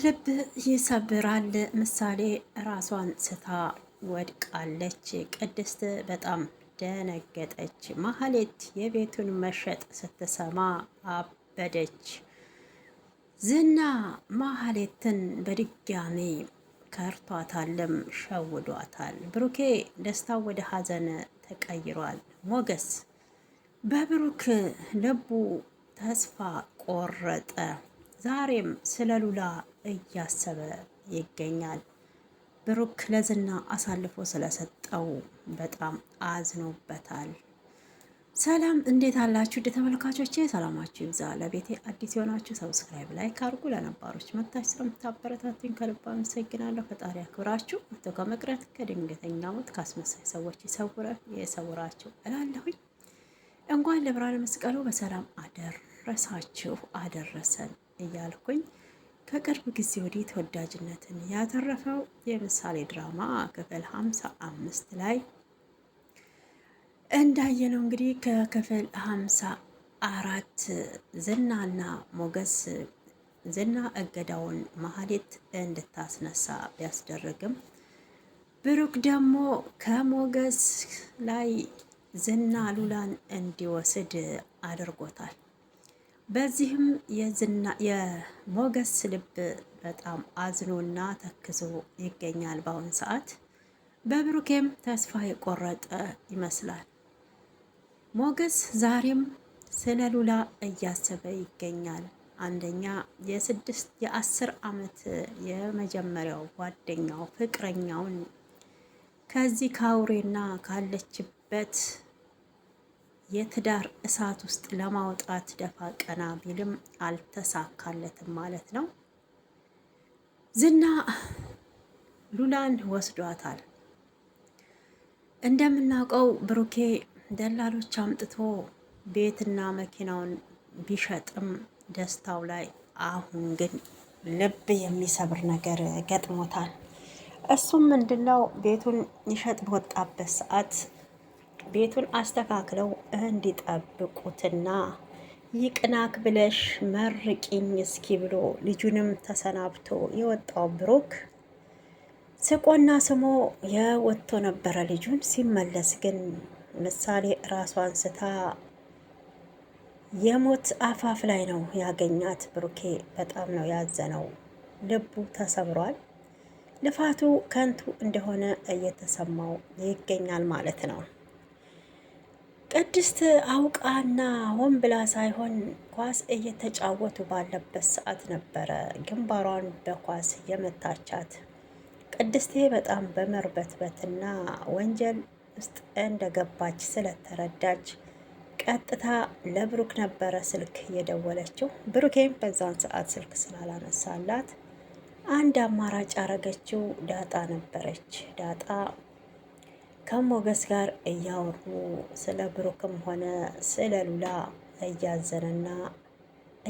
ልብ ይሰብራል። ምሳሌ ራሷን ስታ ወድቃለች። ቅድስት በጣም ደነገጠች። ማህሌት የቤቱን መሸጥ ስትሰማ አበደች። ዝና ማህሌትን በድጋሚ ከርቷታልም ሸውዷታል። ብሩኬ ደስታ ወደ ሀዘን ተቀይሯል። ሞገስ በብሩክ ልቡ ተስፋ ቆረጠ። ዛሬም ስለ ሉላ እያሰበ ይገኛል። ብሩክ ለዝና አሳልፎ ስለሰጠው በጣም አዝኖበታል። ሰላም እንዴት አላችሁ? እንደ ተመልካቾቼ ሰላማችሁ ይብዛ። ለቤቴ አዲስ የሆናችሁ ሰብስክራይብ፣ ላይክ አድርጉ። ለነባሮች መታች ስለምታበረታቱኝ ከልብ አመሰግናለሁ። ፈጣሪ አክብራችሁ መቶ ከመቅረት ከድንገተኛ ሞት ካስመሳይ ሰዎች ይሰውረ የሰውራችሁ እላለሁኝ። እንኳን ለብርሃነ መስቀሉ በሰላም አደረሳችሁ አደረሰን እያልኩኝ ከቅርብ ጊዜ ወዲህ ተወዳጅነትን ያተረፈው የምሳሌ ድራማ ክፍል ሀምሳ አምስት ላይ እንዳየነው እንግዲህ ከክፍል ሀምሳ አራት ዝናና ሞገስ ዝና እገዳውን ማህሌት እንድታስነሳ ቢያስደርግም ብሩክ ደግሞ ከሞገስ ላይ ዝና ሉላን እንዲወስድ አድርጎታል። በዚህም የዝና የሞገስ ልብ በጣም አዝኖና ተክዞ ይገኛል በአሁን ሰዓት። በብሩኬም ተስፋ የቆረጠ ይመስላል። ሞገስ ዛሬም ስለ ሉላ እያሰበ ይገኛል። አንደኛ የስድስት የአስር ዓመት የመጀመሪያው ጓደኛው ፍቅረኛውን ከዚህ ከአውሬና ካለችበት የትዳር እሳት ውስጥ ለማውጣት ደፋ ቀና ቢልም አልተሳካለትም ማለት ነው። ዝና ሉላን ወስዷታል። እንደምናውቀው ብሩኬ ደላሎች አምጥቶ ቤትና መኪናውን ቢሸጥም ደስታው ላይ አሁን ግን ልብ የሚሰብር ነገር ገጥሞታል። እሱም ምንድነው ቤቱን ይሸጥ በወጣበት ሰዓት ቤቱን አስተካክለው እንዲጠብቁትና ይቅናክ ብለሽ መርቂኝ እስኪ ብሎ ልጁንም ተሰናብቶ የወጣው ብሩክ ስቆና ስሞ የወጥቶ ነበረ ልጁን። ሲመለስ ግን ምሳሌ ራሷ አንስታ የሞት አፋፍ ላይ ነው ያገኛት። ብሩኬ በጣም ነው ያዘነው፣ ልቡ ተሰብሯል። ልፋቱ ከንቱ እንደሆነ እየተሰማው ይገኛል ማለት ነው። ቅድስት አውቃና ሆን ብላ ሳይሆን ኳስ እየተጫወቱ ባለበት ሰዓት ነበረ ግንባሯን በኳስ የመታቻት። ቅድስቴ በጣም በመርበትበትና ወንጀል ውስጥ እንደገባች ስለተረዳች ቀጥታ ለብሩክ ነበረ ስልክ የደወለችው። ብሩኬም በዛን ሰዓት ስልክ ስላላነሳላት አንድ አማራጭ አረገችው። ዳጣ ነበረች። ዳጣ ከሞገስ ጋር እያወሩ ስለ ብሩክም ሆነ ስለ ሉላ እያዘነና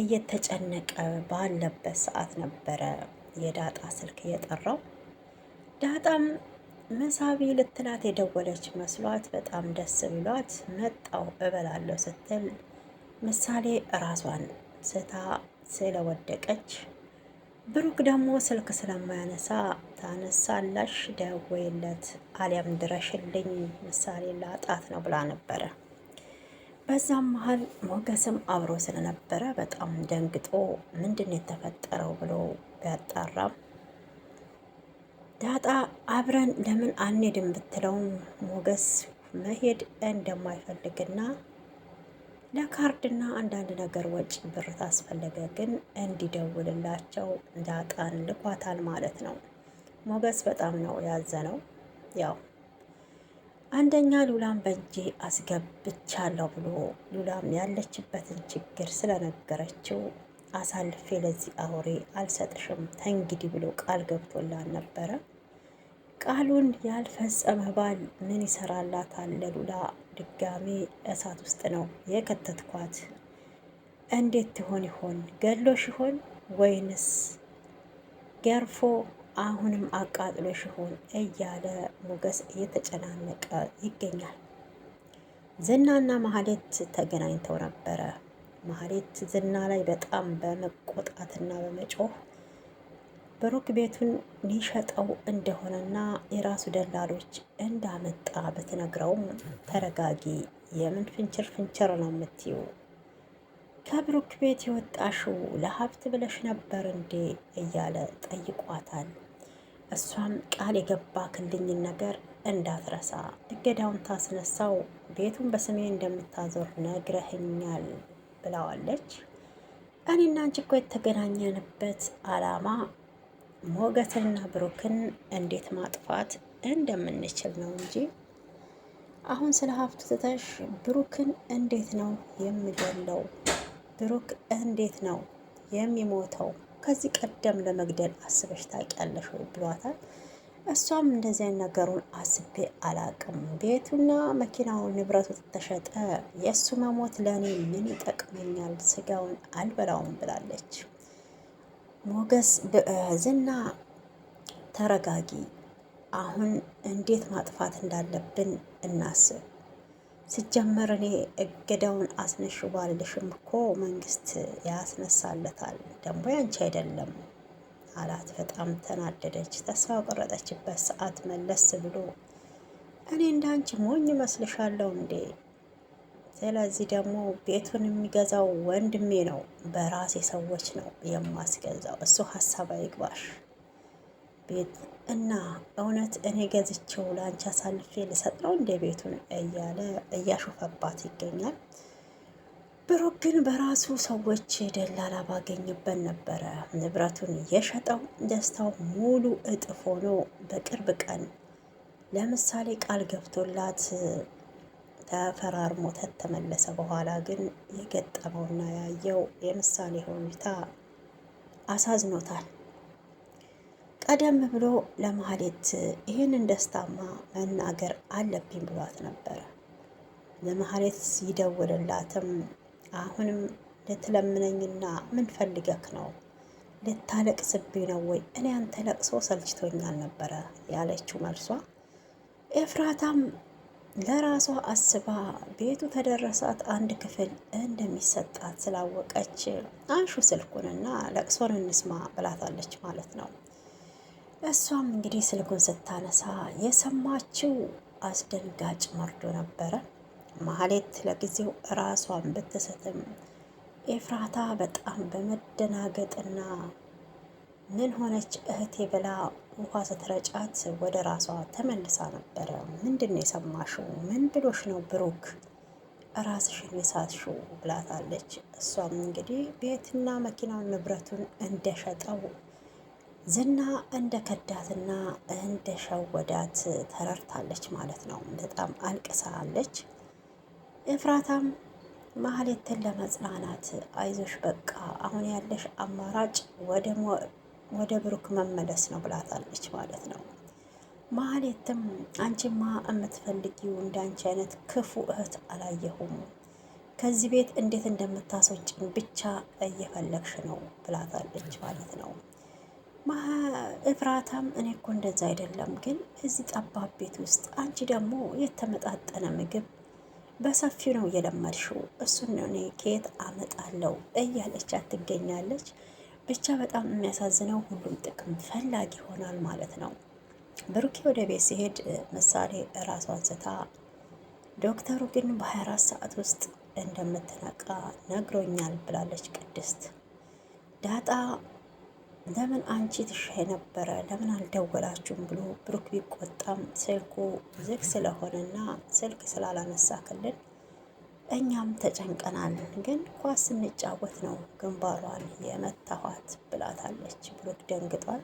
እየተጨነቀ ባለበት ሰዓት ነበረ የዳጣ ስልክ እየጠራው ዳጣም መሳቢ ልትላት የደወለች መስሏት በጣም ደስ ብሏት መጣው እበላለሁ ስትል ምሳሌ ራሷን ስታ ስለወደቀች ብሩክ ደግሞ ስልክ ስለማያነሳ ታነሳላሽ ደወይለት አሊያም ድረሽልኝ ምሳሌ ላጣት ነው ብላ ነበረ። በዛም መሀል ሞገስም አብሮ ስለነበረ በጣም ደንግጦ ምንድን የተፈጠረው ብሎ ቢያጣራም ዳጣ አብረን ለምን አንሄድም ብትለውም ሞገስ መሄድ እንደማይፈልግና ለካርድና አንዳንድ ነገር ወጪ ብር ታስፈለገ ግን እንዲደውልላቸው ዳጣን ልኳታል ማለት ነው። ሞገስ በጣም ነው ያዘነው። ያው አንደኛ ሉላም በእጄ አስገብቻለሁ ብሎ ሉላም ያለችበትን ችግር ስለነገረችው አሳልፌ ለዚህ አውሬ አልሰጥሽም ተንግዲህ ብሎ ቃል ገብቶላን ነበረ። ቃሉን ያልፈጸመ ባል ምን ይሰራላታል? ለሉላ ድጋሚ እሳት ውስጥ ነው የከተትኳት። እንዴት ትሆን ይሆን? ገሎሽ ይሆን ወይንስ ገርፎ አሁንም አቃጥሎሽ ይሆን እያለ ሞገስ እየተጨናነቀ ይገኛል። ዝናና ማህሌት ተገናኝተው ነበረ። ማህሌት ዝና ላይ በጣም በመቆጣትና በመጮህ ብሩክ ቤቱን ሊሸጠው እንደሆነና የራሱ ደላሎች እንዳመጣ ብትነግረውም ተረጋጊ፣ የምን ፍንችር ፍንችር ነው የምትዩ? ከብሩክ ቤት የወጣሽው ለሀብት ብለሽ ነበር እንዴ? እያለ ጠይቋታል። እሷም ቃል የገባክልኝን ነገር እንዳትረሳ፣ እገዳውን ታስነሳው ቤቱን በስሜ እንደምታዞር ነግረህኛል ብለዋለች። እኔና አንቺ እኮ የተገናኘንበት አላማ ሞገስንና ብሩክን እንዴት ማጥፋት እንደምንችል ነው እንጂ አሁን ስለ ሀብቱ ትተሽ ብሩክን እንዴት ነው የሚገለው? ብሩክ እንዴት ነው የሚሞተው? ከዚህ ቀደም ለመግደል አስበሽ ታውቂያለሽ ወይ ብሏታል። እሷም እንደዚህ ነገሩን አስቤ አላቅም፣ ቤቱና መኪናውን ንብረቱ ተሸጠ፣ የእሱ መሞት ለእኔ ምን ይጠቅመኛል? ስጋውን አልበላውም ብላለች። ሞገስ ዝና ተረጋጊ፣ አሁን እንዴት ማጥፋት እንዳለብን እናስብ። ሲጀመር እኔ እገዳውን አስነሽ ባልልሽም እኮ መንግስት ያስነሳለታል፣ ደግሞ ያንቺ አይደለም አላት። በጣም ተናደደች። ተስፋ ቆረጠችበት ሰዓት መለስ ብሎ እኔ እንዳንቺ ሞኝ መስልሻለሁ እንዴ ስለዚህ ደግሞ ቤቱን የሚገዛው ወንድሜ ነው፣ በራሴ ሰዎች ነው የማስገዛው። እሱ ሀሳብ አይግባሽ ቤት እና እውነት እኔ ገዝቼው ለአንቺ አሳልፌ ልሰጥ ነው እንደ ቤቱን እያለ እያሾፈባት ይገኛል። ብሩክ ግን በራሱ ሰዎች ደላላ ባገኝበት ነበረ ንብረቱን የሸጠው። ደስታው ሙሉ እጥፍ ሆኖ በቅርብ ቀን ለምሳሌ ቃል ገብቶላት ተፈራርሞ ተመለሰ። በኋላ ግን የገጠመውና ያየው የምሳሌ ሁኔታ አሳዝኖታል። ቀደም ብሎ ለማህሌት ይህንን ደስታማ መናገር አለብኝ ብሏት ነበረ። ለማህሌት ሲደውልላትም አሁንም ልትለምነኝና ምን ፈልገክ ነው ልታለቅስብኝ ነው ወይ? እኔ አንተ ለቅሶ ሰልችቶኛል ነበረ ያለችው መልሷ ኤፍራታም ለራሷ አስባ ቤቱ ከደረሳት አንድ ክፍል እንደሚሰጣት ስላወቀች አንሹ ስልኩንና ለቅሶን እንስማ ብላታለች ማለት ነው። እሷም እንግዲህ ስልኩን ስታነሳ የሰማችው አስደንጋጭ መርዶ ነበረ። ማህሌት ለጊዜው ራሷን ብትስትም ኤፍራታ በጣም በመደናገጥና ምን ሆነች እህቴ ብላ ውሃ ስትረጫት ወደ ራሷ ተመልሳ ነበረ። ምንድን ነው የሰማሽው? ምን ብሎሽ ነው ብሩክ ራስሽን የሳትሽው? ብላታለች። እሷም እንግዲህ ቤትና መኪናውን ንብረቱን እንደሸጠው ዝና እንደ ከዳትና እንደ ሸወዳት ተረድታለች ማለት ነው። በጣም አልቅሳለች። እፍራታም ማህሌትን ለመጽናናት አይዞሽ፣ በቃ አሁን ያለሽ አማራጭ ወደ ወደ ብሩክ መመለስ ነው ብላታለች ማለት ነው። ማህሌትም አንቺማ የምትፈልጊው እንደ አንቺ አይነት ክፉ እህት አላየሁም ከዚህ ቤት እንዴት እንደምታስወጭኝ ብቻ እየፈለግሽ ነው ብላታለች ማለት ነው። እፍራታም እኔ እኮ እንደዛ አይደለም፣ ግን እዚህ ጠባብ ቤት ውስጥ አንቺ ደግሞ የተመጣጠነ ምግብ በሰፊው ነው እየለመድሽው፣ እሱን እኔ ከየት አመጣለው እያለች ትገኛለች። ብቻ በጣም የሚያሳዝነው ሁሉም ጥቅም ፈላጊ ይሆናል ማለት ነው። ብሩኬ ወደ ቤት ሲሄድ ምሳሌ ራሷን ስታ፣ ዶክተሩ ግን በ24 ሰዓት ውስጥ እንደምትነቃ ነግሮኛል ብላለች ቅድስት። ዳጣ ለምን አንቺ ትሻይ ነበረ ለምን አልደወላችሁም ብሎ ብሩክ ቢቆጣም ስልኩ ዝግ ስለሆነና ስልክ ስላላነሳክልን እኛም ተጨንቀናል፣ ግን ኳስ ስንጫወት ነው ግንባሯን የመታኋት ብላታለች። ብሩክ ደንግጧል።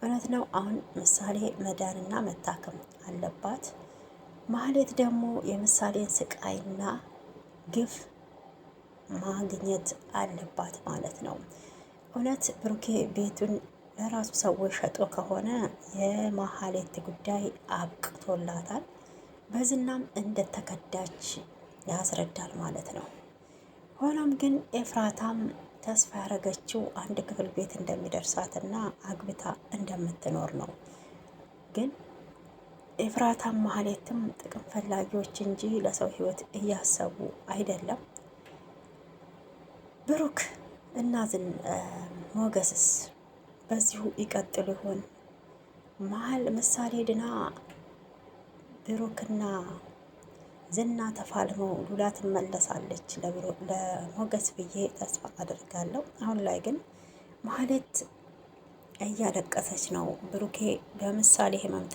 እውነት ነው። አሁን ምሳሌ መዳንና መታከም አለባት። ማህሌት ደግሞ የምሳሌን ስቃይና ግፍ ማግኘት አለባት ማለት ነው። እውነት ብሩኬ ቤቱን ለራሱ ሰዎች ሸጦ ከሆነ የማህሌት ጉዳይ አብቅቶላታል። በዝናም እንደተከዳች ያስረዳል ማለት ነው። ሆኖም ግን ኤፍራታም ተስፋ ያደረገችው አንድ ክፍል ቤት እንደሚደርሳትና አግብታ እንደምትኖር ነው። ግን ኤፍራታም ማህሌትም ጥቅም ፈላጊዎች እንጂ ለሰው ህይወት እያሰቡ አይደለም። ብሩክ እና ዝን ሞገስስ በዚሁ ይቀጥሉ ይሆን? መሀል ምሳሌ ድና ብሩክና ዝና ተፋልሞ ሉላ ትመለሳለች ለሞገስ ብዬ ተስፋ አድርጋለሁ። አሁን ላይ ግን ማህሌት እያለቀሰች ነው። ብሩኬ በምሳሌ ህመም